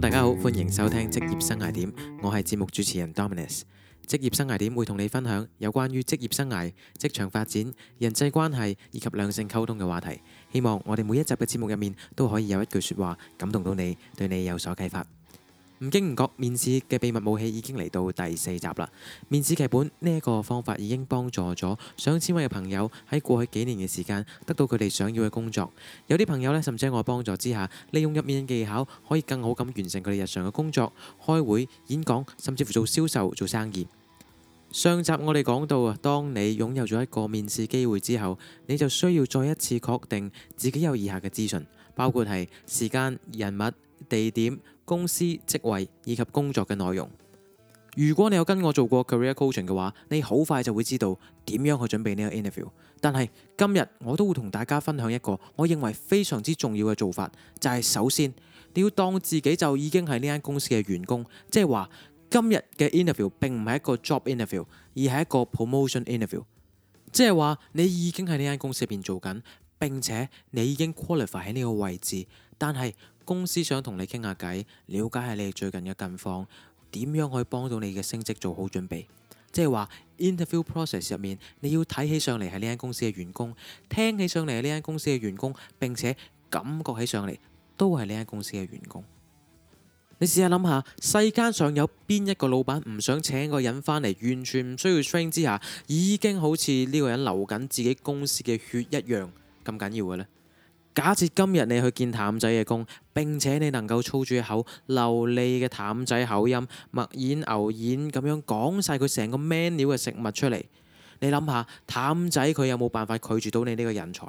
大家好，歡迎收聽職業生涯點，我係節目主持人 Dominus。職業生涯點會同你分享有關於職業生涯、職場發展、人際關係以及兩性溝通嘅話題。希望我哋每一集嘅節目入面都可以有一句說話，感動到你，對你有所啟發。唔經唔覺，面試嘅秘密武器已經嚟到第四集啦。面試劇本呢一個方法已經幫助咗上千位嘅朋友喺過去幾年嘅時間得到佢哋想要嘅工作。有啲朋友呢，甚至喺我幫助之下，利用入面嘅技巧可以更好咁完成佢哋日常嘅工作、開會、演講，甚至乎做銷售、做生意。上集我哋講到啊，當你擁有咗一個面試機會之後，你就需要再一次確定自己有以下嘅資訊，包括係時間、人物、地點。公司職位以及工作嘅內容。如果你有跟我做過 career coaching 嘅話，你好快就會知道點樣去準備呢個 interview。但係今日我都會同大家分享一個我認為非常之重要嘅做法，就係首先你要當自己就已經係呢間公司嘅員工，即係話今日嘅 interview 並唔係一個 job interview，而係一個 promotion interview，即係話你已經喺呢間公司入邊做緊，並且你已經 qualify 喺呢個位置，但係。公司想同你傾下偈，了解下你最近嘅近況，點樣可以幫到你嘅升職做好準備。即係話 interview process 入面，你要睇起上嚟係呢間公司嘅員工，聽起上嚟係呢間公司嘅員工，並且感覺起上嚟都係呢間公司嘅員工。你試下諗下，世間上有邊一個老闆唔想請個人翻嚟，完全唔需要 train 之下，已經好似呢個人流緊自己公司嘅血一樣咁緊要嘅呢？假設今日你去見譚仔嘅工，並且你能夠操住口流利嘅譚仔口音，默演牛演咁樣講晒佢成個 menu 嘅食物出嚟，你諗下，譚仔佢有冇辦法拒絕到你呢個人才？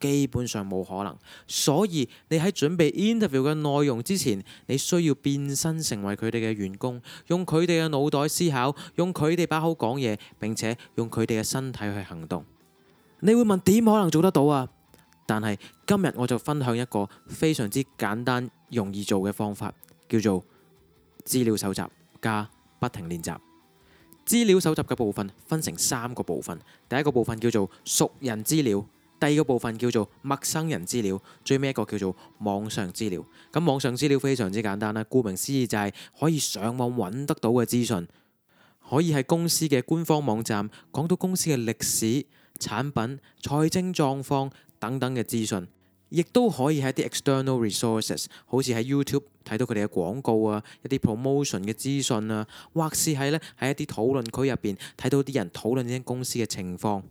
基本上冇可能。所以你喺準備 interview 嘅內容之前，你需要變身成為佢哋嘅員工，用佢哋嘅腦袋思考，用佢哋把口講嘢，並且用佢哋嘅身體去行動。你會問點可能做得到啊？但係今日我就分享一個非常之簡單容易做嘅方法，叫做資料搜集加不停練習。資料搜集嘅部分分成三個部分，第一個部分叫做熟人資料，第二個部分叫做陌生人資料，最尾一個叫做網上資料。咁網上資料非常之簡單啦，顧名思義就係可以上網揾得到嘅資訊，可以喺公司嘅官方網站講到公司嘅歷史、產品、財政狀況。等等嘅資訊，亦都可以喺啲 external resources，好似喺 YouTube 睇到佢哋嘅廣告啊，一啲 promotion 嘅資訊啊，或是喺呢，喺一啲討論區入邊睇到啲人討論呢間公司嘅情況。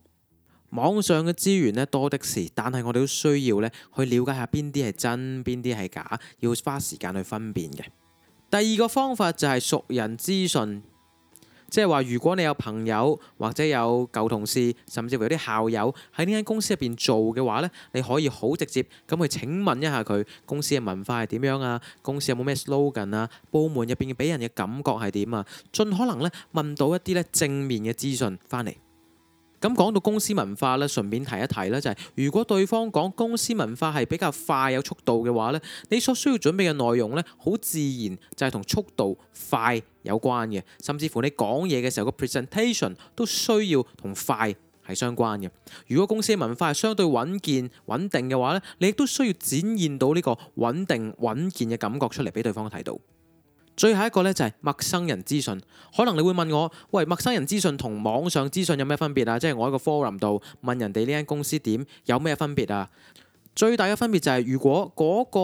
網上嘅資源呢，多的是，但係我哋都需要呢去了解下邊啲係真，邊啲係假，要花時間去分辨嘅。第二個方法就係熟人諮詢。即係話，如果你有朋友或者有舊同事，甚至乎有啲校友喺呢間公司入面做嘅話咧，你可以好直接咁去請問一下佢公司嘅文化係點樣啊？公司有冇咩 slogan 啊？部門入邊俾人嘅感覺係點啊？盡可能咧問到一啲咧正面嘅資訊翻嚟。咁講到公司文化咧，順便提一提咧，就係如果對方講公司文化係比較快有速度嘅話咧，你所需要準備嘅內容咧，好自然就係同速度快有關嘅，甚至乎你講嘢嘅時候個 presentation 都需要同快係相關嘅。如果公司文化係相對穩健穩定嘅話咧，你亦都需要展現到呢個穩定穩健嘅感覺出嚟俾對方睇到。最後一個呢，就係陌生人資訊。可能你會問我：喂，陌生人資訊同網上資訊有咩分別啊？即係我喺個 forum 度問人哋呢間公司點有咩分別啊？最大嘅分別就係、是，如果嗰個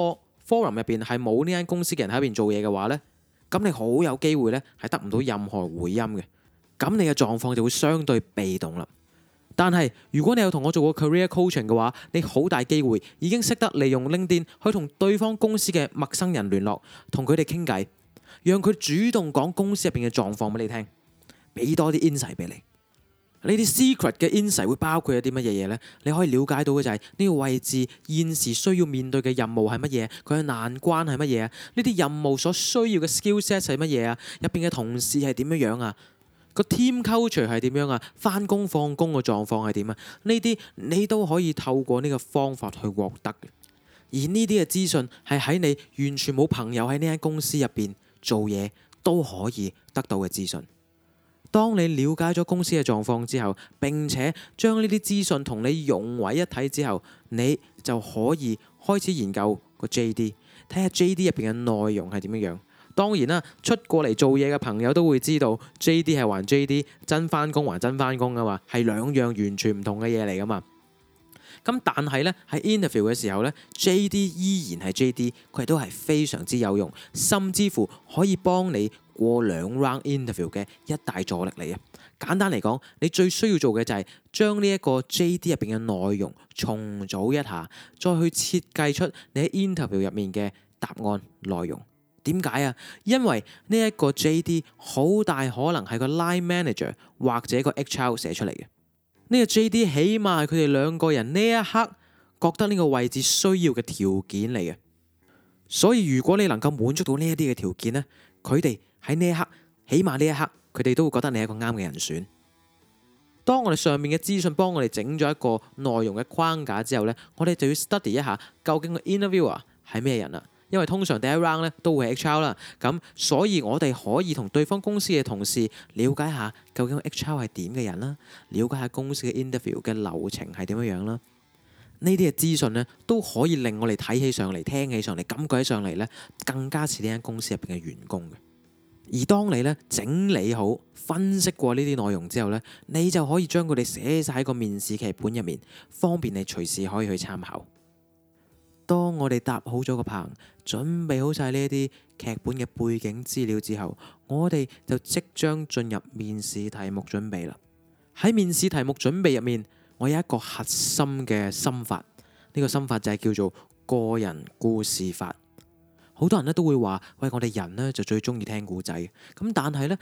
forum 入邊係冇呢間公司嘅人喺入邊做嘢嘅話呢，咁你好有機會呢係得唔到任何回音嘅。咁你嘅狀況就會相對被動啦。但係如果你有同我做過 career coaching 嘅話，你好大機會已經識得利用 LinkedIn 去同對方公司嘅陌生人聯絡，同佢哋傾偈。讓佢主動講公司入邊嘅狀況俾你聽，俾多啲 insight 俾你。呢啲 secret 嘅 insight 會包括一啲乜嘢嘢呢？你可以了解到嘅就係呢個位置現時需要面對嘅任務係乜嘢，佢嘅難關係乜嘢啊？呢啲任務所需要嘅 skill set 係乜嘢啊？入邊嘅同事係點樣樣啊？個 team culture 係點樣啊？翻工放工嘅狀況係點啊？呢啲你都可以透過呢個方法去獲得嘅。而呢啲嘅資訊係喺你完全冇朋友喺呢間公司入邊。做嘢都可以得到嘅資訊。當你了解咗公司嘅狀況之後，並且將呢啲資訊同你融為一體之後，你就可以開始研究個 JD，睇下 JD 入邊嘅內容係點樣樣。當然啦，出過嚟做嘢嘅朋友都會知道 JD 係還 JD，真返工還真返工噶嘛，係兩樣完全唔同嘅嘢嚟噶嘛。咁但係咧喺 interview 嘅時候咧，J.D. 依然係 J.D. 佢都係非常之有用，甚至乎可以幫你過兩 round interview 嘅一大助力嚟嘅。簡單嚟講，你最需要做嘅就係將呢一個 J.D. 入面嘅內容重組一下，再去設計出你喺 interview 入面嘅答案內容。點解啊？因為呢一個 J.D. 好大可能係個 line manager 或者個 HR 寫出嚟嘅。呢個 JD 起碼係佢哋兩個人呢一刻覺得呢個位置需要嘅條件嚟嘅，所以如果你能夠滿足到呢一啲嘅條件呢，佢哋喺呢一刻，起碼呢一刻佢哋都會覺得你係一個啱嘅人選。當我哋上面嘅資訊幫我哋整咗一個內容嘅框架之後呢，我哋就要 study 一下究竟個 interviewer 係咩人啦。因為通常第一 round 咧都會係 H.R. 啦，咁所以我哋可以同對方公司嘅同事了解下究竟 H.R. 係點嘅人啦，了解下公司嘅 interview 嘅流程係點樣樣啦。呢啲嘅資訊咧都可以令我哋睇起上嚟、聽起上嚟、感覺起上嚟呢，更加似呢間公司入邊嘅員工嘅。而當你呢整理好、分析過呢啲內容之後呢，你就可以將佢哋寫晒喺個面試劇本入面，方便你隨時可以去參考。當我哋搭好咗個棚，準備好晒呢一啲劇本嘅背景資料之後，我哋就即將進入面試題目準備啦。喺面試題目準備入面，我有一個核心嘅心法，呢個心法就係叫做個人故事法。好多人呢都會話：喂，我哋人呢就最中意聽古仔，咁但係呢，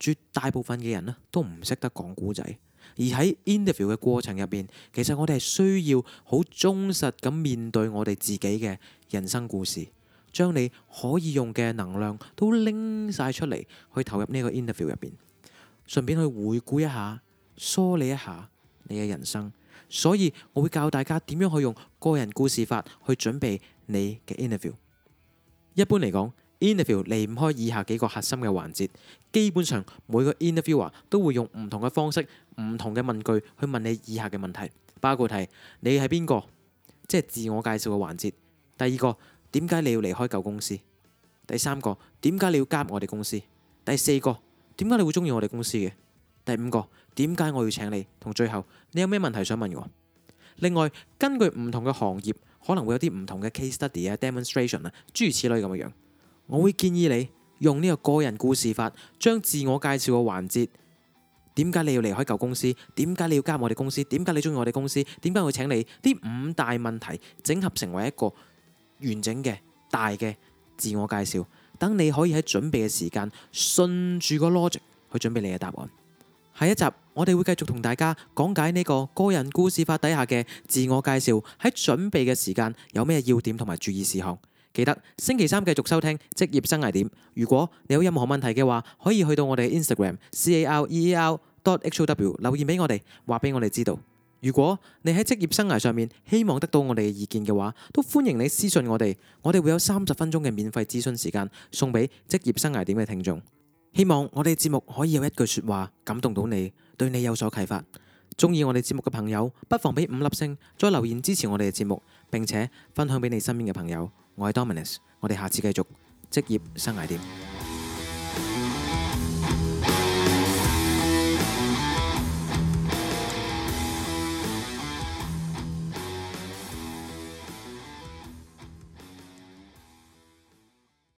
絕大部分嘅人呢都唔識得講古仔。而喺 interview 嘅過程入邊，其實我哋係需要好忠實咁面對我哋自己嘅人生故事，將你可以用嘅能量都拎晒出嚟去投入呢個 interview 入邊，順便去回顧一下，梳理一下你嘅人生。所以我會教大家點樣去用個人故事法去準備你嘅 interview。一般嚟講，interview 離唔開以下幾個核心嘅環節。基本上每個 interviewer，都會用唔同嘅方式、唔同嘅問句去問你以下嘅問題，包括係你係邊個，即係自我介紹嘅環節。第二個，點解你要離開舊公司？第三個，點解你要加入我哋公司？第四個，點解你會中意我哋公司嘅？第五個，點解我要請你？同最後，你有咩問題想問我？另外，根據唔同嘅行業，可能會有啲唔同嘅 case study 啊、demonstration 啊諸如此類咁嘅樣。我會建議你用呢個個人故事法，將自我介紹嘅環節，點解你要離開舊公司，點解你要加入我哋公司，點解你中意我哋公司，點解會請你呢五大問題整合成為一個完整嘅大嘅自我介紹，等你可以喺準備嘅時間順住個 logic 去準備你嘅答案。下一集我哋會繼續同大家講解呢個個人故事法底下嘅自我介紹喺準備嘅時間有咩要點同埋注意事項。記得星期三繼續收聽職業生涯點。如果你有任何問題嘅話，可以去到我哋嘅 Instagram C A R E E R dot H O W 留言俾我哋，話俾我哋知道。如果你喺職業生涯上面希望得到我哋嘅意見嘅話，都歡迎你私信我哋。我哋會有三十分鐘嘅免費諮詢時間送俾職業生涯點嘅聽眾。希望我哋節目可以有一句說話感動到你，對你有所啟發。中意我哋節目嘅朋友，不妨俾五粒星，再留言支持我哋嘅節目。並且分享俾你身邊嘅朋友。我係 Dominus，我哋下次繼續職業生涯點。